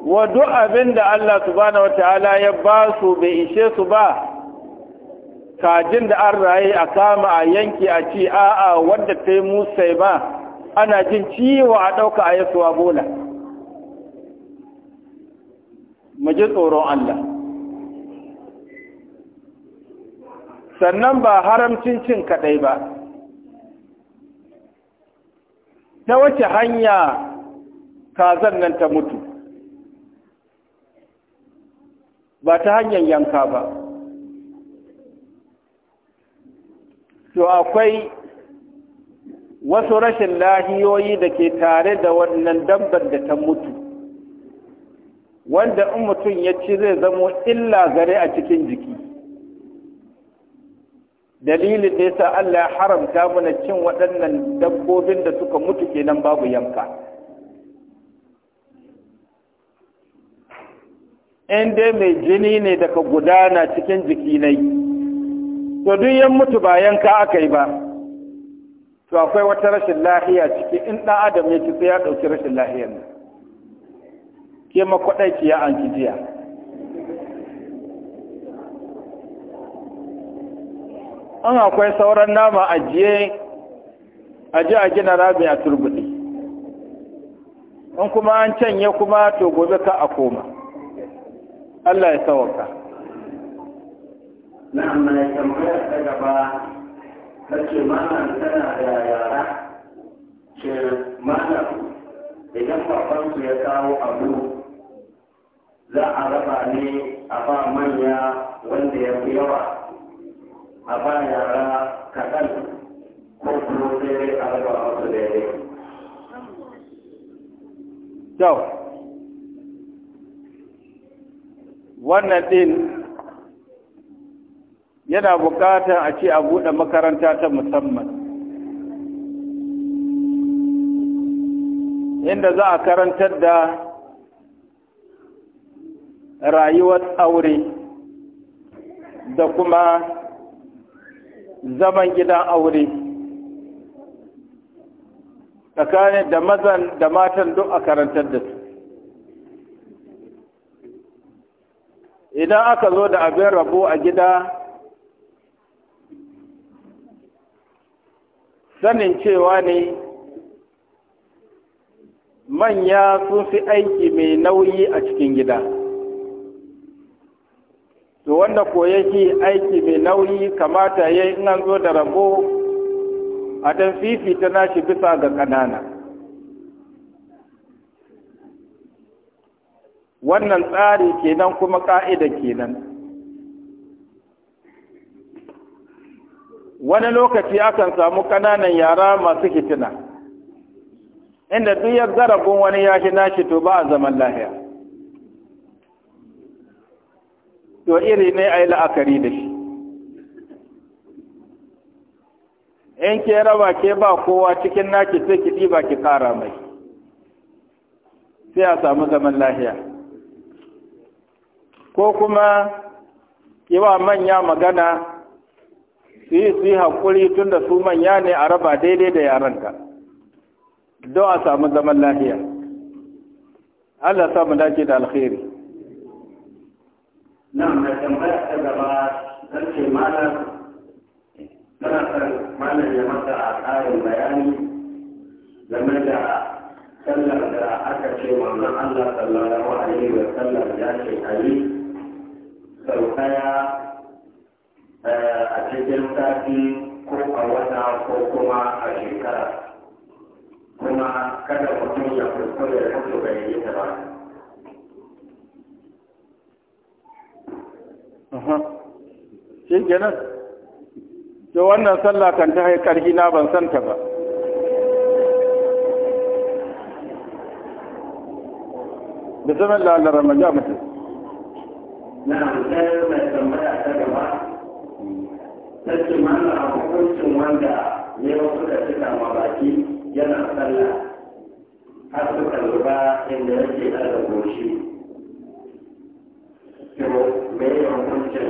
wa duk abin da Allah subhanahu wata'ala ya ba su bai ishe su ba kajin da an raye a kama a yanki a ci a'a wadda ta yi musai ba ana jin ciwo a ɗauka a yi bola mu ji tsoron Allah sannan ba haramcin cin kaɗai ba ta wace hanya kazan nan ta mutu ba ta hanyar yanka ba to akwai wasu rashin lahiyoyi da ke tare da wannan damban da ta mutu wanda in mutum ya ci zai zamo illa gare a cikin jiki dalilin da ya sa Allah ya haramta mana cin waɗannan dabbobin da suka mutu kenan babu yanka in dai mai jini ne daga gudana cikin jiki nai to duk yan mutu ba yanka aka yi ba to akwai wata rashin lahiya ciki in ɗan adam ya ci sai ya ɗauki rashin lahiyar ne ke makwaɗaiki ya an jiya an akwai sauran nama ajiye aje a gina rami a turbuɗi in kuma an canye kuma to gobe ka a koma Allah ya sawaka Na mai ya ta gaba kace mana tana da yara ce mana idan baban ya kawo abu za a raba ne a ba manya wanda ya fi yawa a ba yara kaɗan ko kuma sai a raba wasu daidai. wannan ɗin yana buƙatar a ce a buɗe makaranta ta musamman inda za a karantar da rayuwar aure da kuma zaman gidan aure tsakanin da mazan da matan duk a karantar da su idan aka zo da abin rabo a gida sanin cewa ne manya sun fi aiki mai nauyi a cikin gida to wanda ko yake aiki mai nauyi kamata ya yi zo da rabo a dan fifita nashi bisa ga ƙanana wannan tsari kenan kuma ƙa'ida kenan wani lokaci akan samu ƙananan yara masu hitina inda duk ya zarafin wani ya shi nashi to ba a zaman lahiya to iri ne a yi la'akari da shi in ke raba ke ba kowa cikin naki sai ki ɗiba ki ƙara mai sai a samu zaman lahiya ko kuma yi wa manya magana su yi su yi haƙuri tun da su manya ne a raba daidai da yaranka don a samu zaman lafiya Allah sa mu dace da alkhairi nan da tambayar ta gaba zan ce malar tana son ya mata a tsarin bayani game da sallar da aka ce wannan Allah sallallahu alaihi wa sallar ya ce a yi sau ɗaya eh, a cikin sati ko a wata ko kuma a shekara kuma kada mutum ya kusa da kusa bai yi ta ba. Shi kenan, to wannan sallah kan ta haikar na ban santa ba. Bismillah Allah ramaja mutum. نعم sai mai tambaya ta gaba ta ce mana a hukuncin wanda ne suka cika ma baki yana sallah har suka lura inda yake ɗaga goshi to me ya hukuncin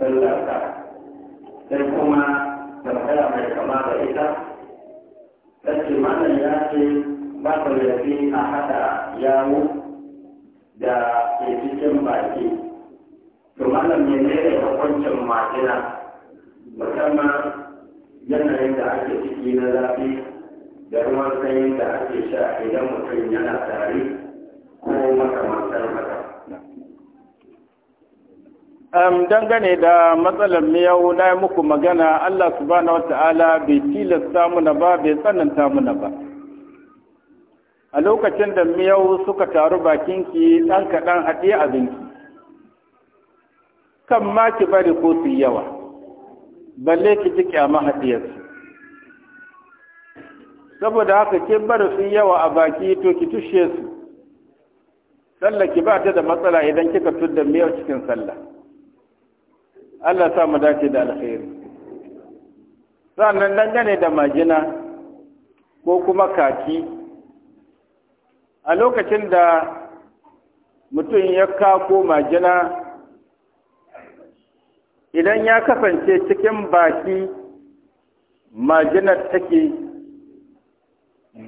sallah ka sai kuma tambaya mai kama da ita ta ce mana ya ce ba ku yafi a haɗa yawo da ke cikin baki to malam menene hukuncin majina musamman yanayin da ake ciki na zafi da ruwan sanyi da ake sha idan mutum yana tare ko makamantar haka. Um, dangane da matsalar miyau na yi muku magana Allah subhanahu wa ta'ala bai tilasta muna ba bai tsananta muna ba a lokacin da miyau suka taru bakinki ɗan kaɗan haɗe abinki kan ma ki bari ko su yawa balle ki ji kyama hadiyarsu saboda haka ke bari su yawa a baki to ki tushe su sallah ki ba ta da matsala idan kika tudda miyar cikin sallah Allah sa mu dace da alkhairi sannan dangane da majina ko kuma kaki a lokacin da mutum ya kako majina idan ya kasance cikin baki majinar take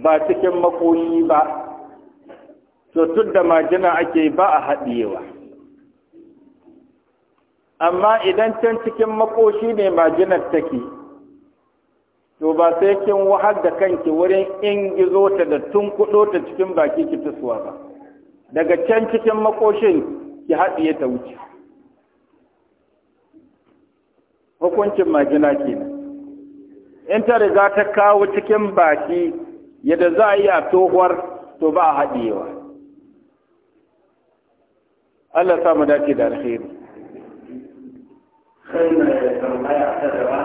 ba cikin makoyi ba to tun da majina ake ba a haɗewa amma idan can cikin makoshi ne majinar take to ba sai kin wahar da kanki wurin in gizo ta da tun kudo ta cikin baki ki tusuwa ba daga can cikin makoshin ki haɗiye ta wuce hukuncin majina kenan in ta riga ta kawo cikin baki yadda za a yi a tohuwar to ba a haɗewa Allah sa mu dace da alheri sai na da tambaya ta gaba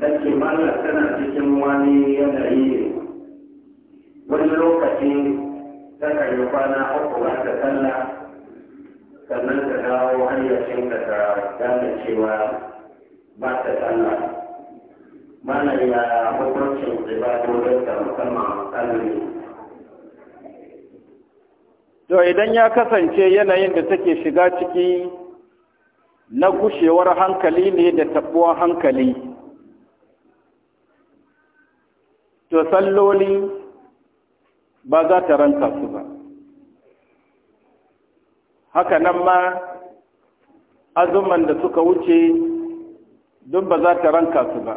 ta ce tana cikin wani yanayi wani lokaci ta kan yi kwana uku ba ta sallah sannan ka dawo hanyar ka ta gane cewa ba ta tsalla mana ya hukuncin ibadodin ta musamman tsalli to idan ya kasance yanayin da take shiga ciki na gushewar hankali ne da tabuwar hankali to salloli ba za ta ranta su ba haka nan ma azuman da suka wuce duk ba za ta ranka su ba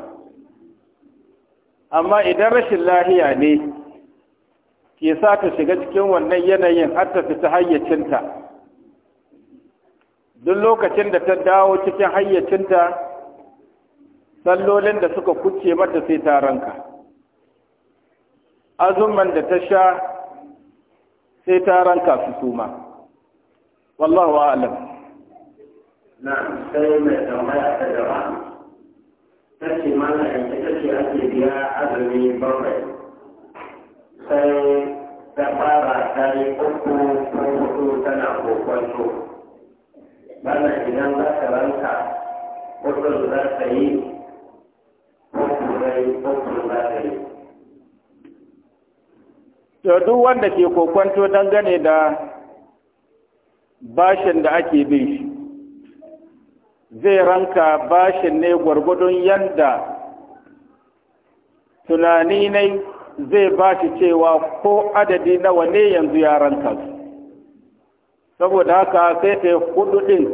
amma idan rashin lahiya ne ke sa ta shiga cikin wannan yanayin har ta fita hayyacinta duk lokacin da ta dawo cikin hayyacinta sallolin da suka kuce mata sai ta ranka azuman da ta sha sai ta ranka su suma والله أعلم na sai mai tambaya ta gaba tace mana in ta ce ake biya azumi bakwai sai ta fara ta yi uku ko hudu tana kokonto bana idan za ta ranka hudun za ta yi uku zai uku za ka yi to duk wanda ke kokonto dangane da bashin da ake bin shi zai ranka bashin ne gwargwadon yanda tunani ne zai shi cewa ko adadi nawa ne yanzu ya ranka su saboda haka sai ta yi hudu ɗin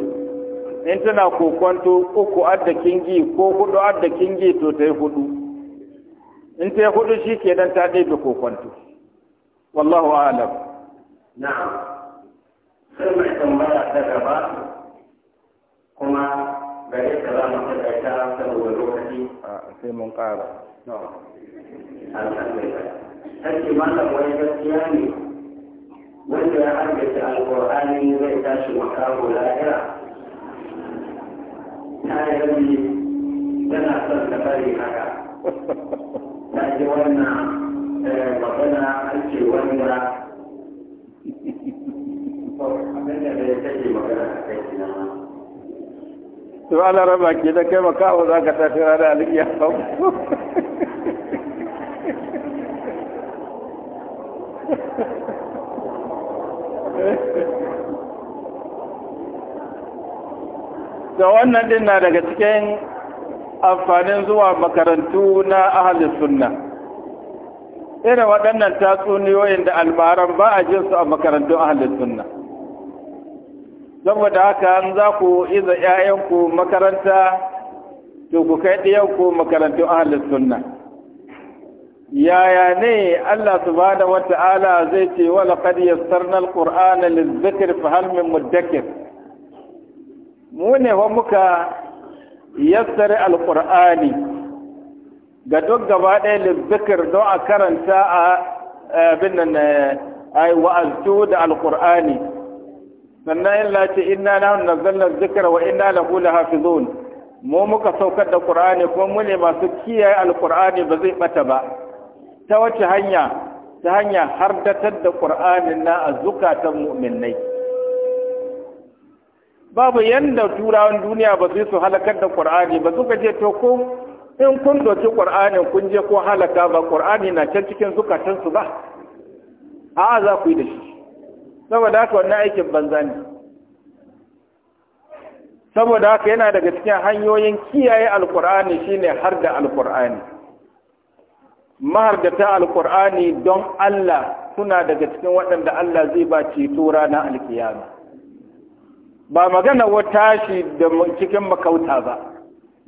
in tana kokonto uku adda kingi ko hudu adda kingi to ta yi hudu in ta yi hudu shi ke ta ɗebe kokonto wallahu alam na'am sai mai tambaya ta gaba kuma gare ka za mu taƙaita saboda lokaci sai mun ƙara Sarki malam wani gaskiya ne wanda ya hargace alƙur'ani zai tashi makaho lahira ta yi rabi yana son ta bari haka ta ji wannan eh, magana ake wanda to raba ke da kai za ka tafi a hau da wannan din na daga cikin amfanin zuwa makarantu na ahalin sunna irin waɗannan tatsuniyoyin da almaran ba a jinsu a makarantun ahalin sunna saboda haka an za ku iza 'ya'yanku makaranta to ku kai ɗiyanku makarantun ahalin sunna yaya ne Allah subhanahu wata'ala zai ce wa laqad yassarna alqur'ana lizikr fa hal min mudakkir mu ne wa muka yassare ga duk gaba ɗaya lizikr don a karanta a eh, bin nan eh, wa'azu da alqur'ani sannan lati ce inna nahnu zallar zikar wa inna lahu lahafizun mu muka saukar da ƙur'ani kuma mu ne masu kiyaye Alƙur'ani ba zai bata ba ta wace hanya ta hanya har datar da qur'anin na a zukatan mu'minnai babu yanda turawan duniya ba su halakar da ƙur'ani ba suka je to ko in kun doki ƙur'ani kun je ko halaka ba ƙur'ani na can cikin zukatansu ba A'a za ku yi da shi saboda haka wannan aikin banza ne saboda haka yana daga cikin hanyoyin kiyaye alkur'ani shine har da alkur'ani mahardata alkur'ani don Allah suna daga cikin waɗanda Allah zai ba ceto ranar alkiyama ba magana wata tashi da cikin makauta ba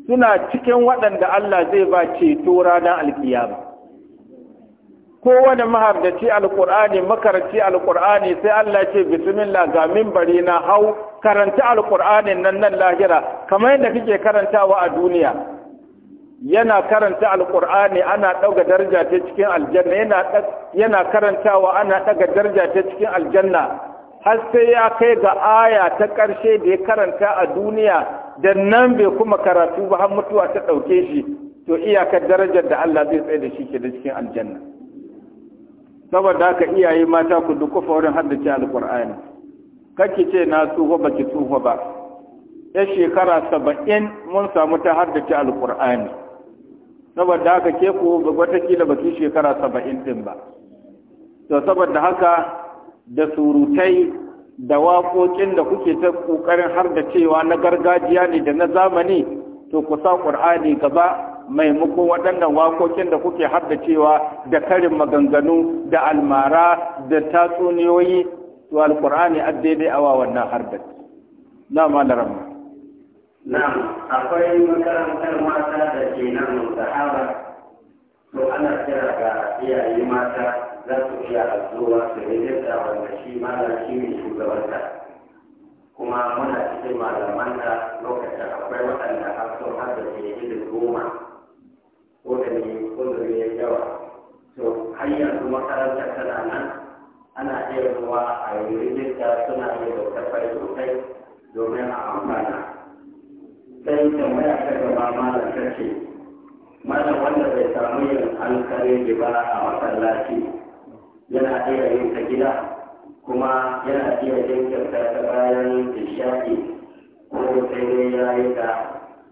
suna cikin waɗanda Allah zai ba ceto ranar alkiyama kowane mahardaci alkur'ani makaranci alkur'ani sai Allah ce bismillah ga bari na hau karanta alkur'ani nan nan lahira kamar yadda kake karantawa a duniya yana karanta alkur'ani ana ɗauka daraja ta cikin aljanna yana yana karantawa ana ɗaga daraja ta cikin aljanna har sai ya kai ga aya ta ƙarshe da ya karanta a duniya da nan bai kuma karatu ba har mutuwa ta ɗauke shi to iyakar darajar da Allah zai tsaye da shi ke da cikin aljanna saboda haka iyaye mata ku kofa wurin haddace alƙur'ani kake ce na tsufa ba ki tsufa ba ya shekara saba'in mun samu ta haddace alƙur'ani saboda haka ke ku watakila ba shekara saba'in din ba to saboda haka da surutai da waƙoƙin da kuke ta ƙoƙarin haddacewa na gargajiya ne da na zamani to ku sa ƙur'ani gaba Maimakon waɗannan wakokin da kuke haddacewa da karin maganganu da almara da tatsuniyoyi to alkur'ani a daidai awa wannan harda na malaram na akwai makarantar mata da ke nan sahaba to ana kira ga iyaye mata za su iya azuwa su rejista wanda shi malam shi ne shugabanta kuma muna cikin malamanta lokacin akwai waɗanda har sun haddace hidin goma ko da ya yawa to har yanzu makarantar tana nan ana iya ruwa a yi rijista suna yi daukar fari sosai domin a amfana sai tambaya aka gaba malam ta malam wanda bai samu yin alkare ba a masallaci yana iya yin ta gida kuma yana iya yin ta bayan isha'i ko sai dai ya yi ta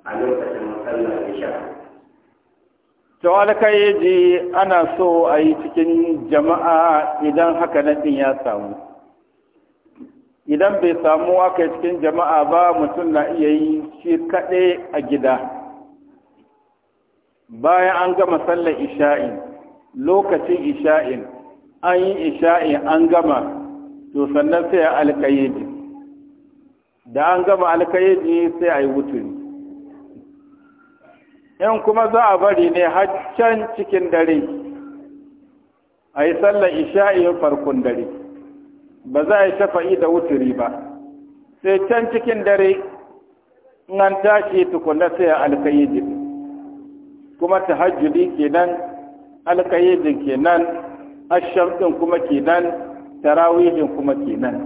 a lokacin musallar isha'i To ji ana so a yi cikin jama'a idan haka naɗin ya samu idan bai samu aka cikin jama'a ba mutum na iya yi shi kaɗai a gida bayan an gama sallar isha'i lokacin isha'i an yi isha'in an gama to sannan sai a alkayyadi da an gama alkayyadi sai a yi wuturi in kuma za a bari ne haccan cikin dare a yi sallar isha'i farkon dare ba za a yi shafa'i da wuturi ba sai can cikin dare nan tashi tukuna sai a alkayyidin kuma nan kenan ke nan ashamsin kuma ke nan, tarawihin kuma ke nan,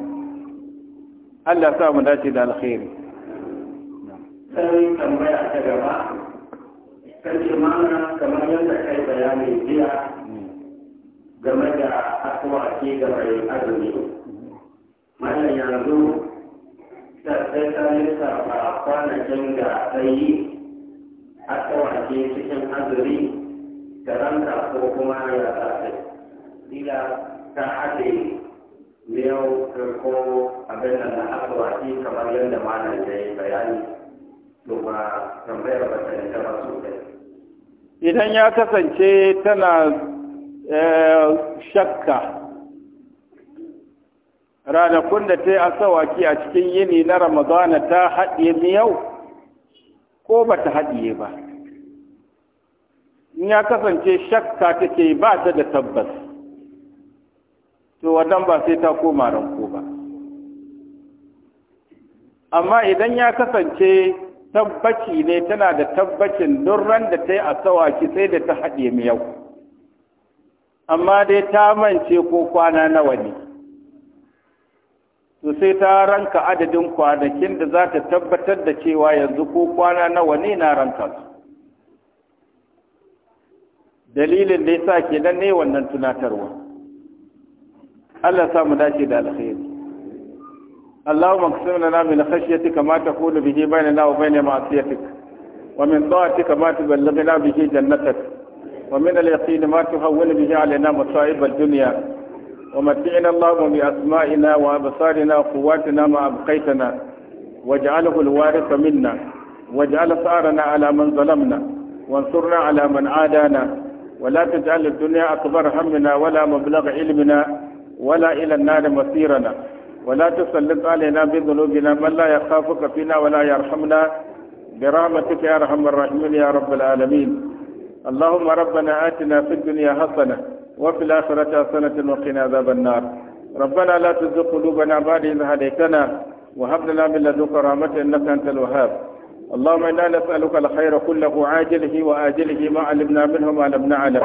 Allah sa mu dace da alkhairi. Sai tambaya ta gaba kan kimana kamar yadda kai bayani jiya game da asuwaki da mai azumi malam yanzu da sai ta lissafa kwanakin da ta yi asuwaki cikin azumi da ranta ko kuma ya zafi dila ta haɗe miyau ko abin da na asuwaki kamar yadda malam ya yi bayani duba ba tambayar ba ta yi ta ba sosai idan ya kasance tana eh, shakka ranakun da ta yi asawaki a cikin yini na ramadana ta haɗiye yau, ko ba ta haɗiye ba in ya kasance shakka take ba ta da tabbas to wannan ba sai ta koma ranko ba amma idan ya kasance tabbaci ne tana da tabbacin duk ran da ta yi a asawaki sai da ta haɗe mu yau amma dai ta mance ko kwana nawa ne to sai ta ranka adadin kwanakin da za ta tabbatar da cewa yanzu ko kwana nawa ne na ranka su dalilin da ya sa ke nan ne wannan tunatarwa Allah samu dace da alkhairi اللهم اقسم لنا من خشيتك ما تقول به بيننا وبين معصيتك ومن طاعتك ما تبلغنا به جنتك ومن اليقين ما تهون به علينا مصائب الدنيا ومتعنا اللهم بأسمائنا وأبصارنا وقواتنا ما أبقيتنا واجعله الوارث منا واجعل ثارنا على من ظلمنا وانصرنا على من عادانا ولا تجعل الدنيا أكبر همنا ولا مبلغ علمنا ولا إلى النار مصيرنا ولا تسلط علينا بذنوبنا من لا يخافك فينا ولا يرحمنا برحمتك يا ارحم الراحمين يا رب العالمين اللهم ربنا آتنا في الدنيا حسنة وفي الآخرة حسنة وقنا عذاب النار ربنا لا تزغ قلوبنا بعد إذ هديتنا وهب لنا من لدنك رحمة إنك أنت الوهاب اللهم إنا نسألك الخير كله عاجله وآجله ما علمنا منه ما لم نعلم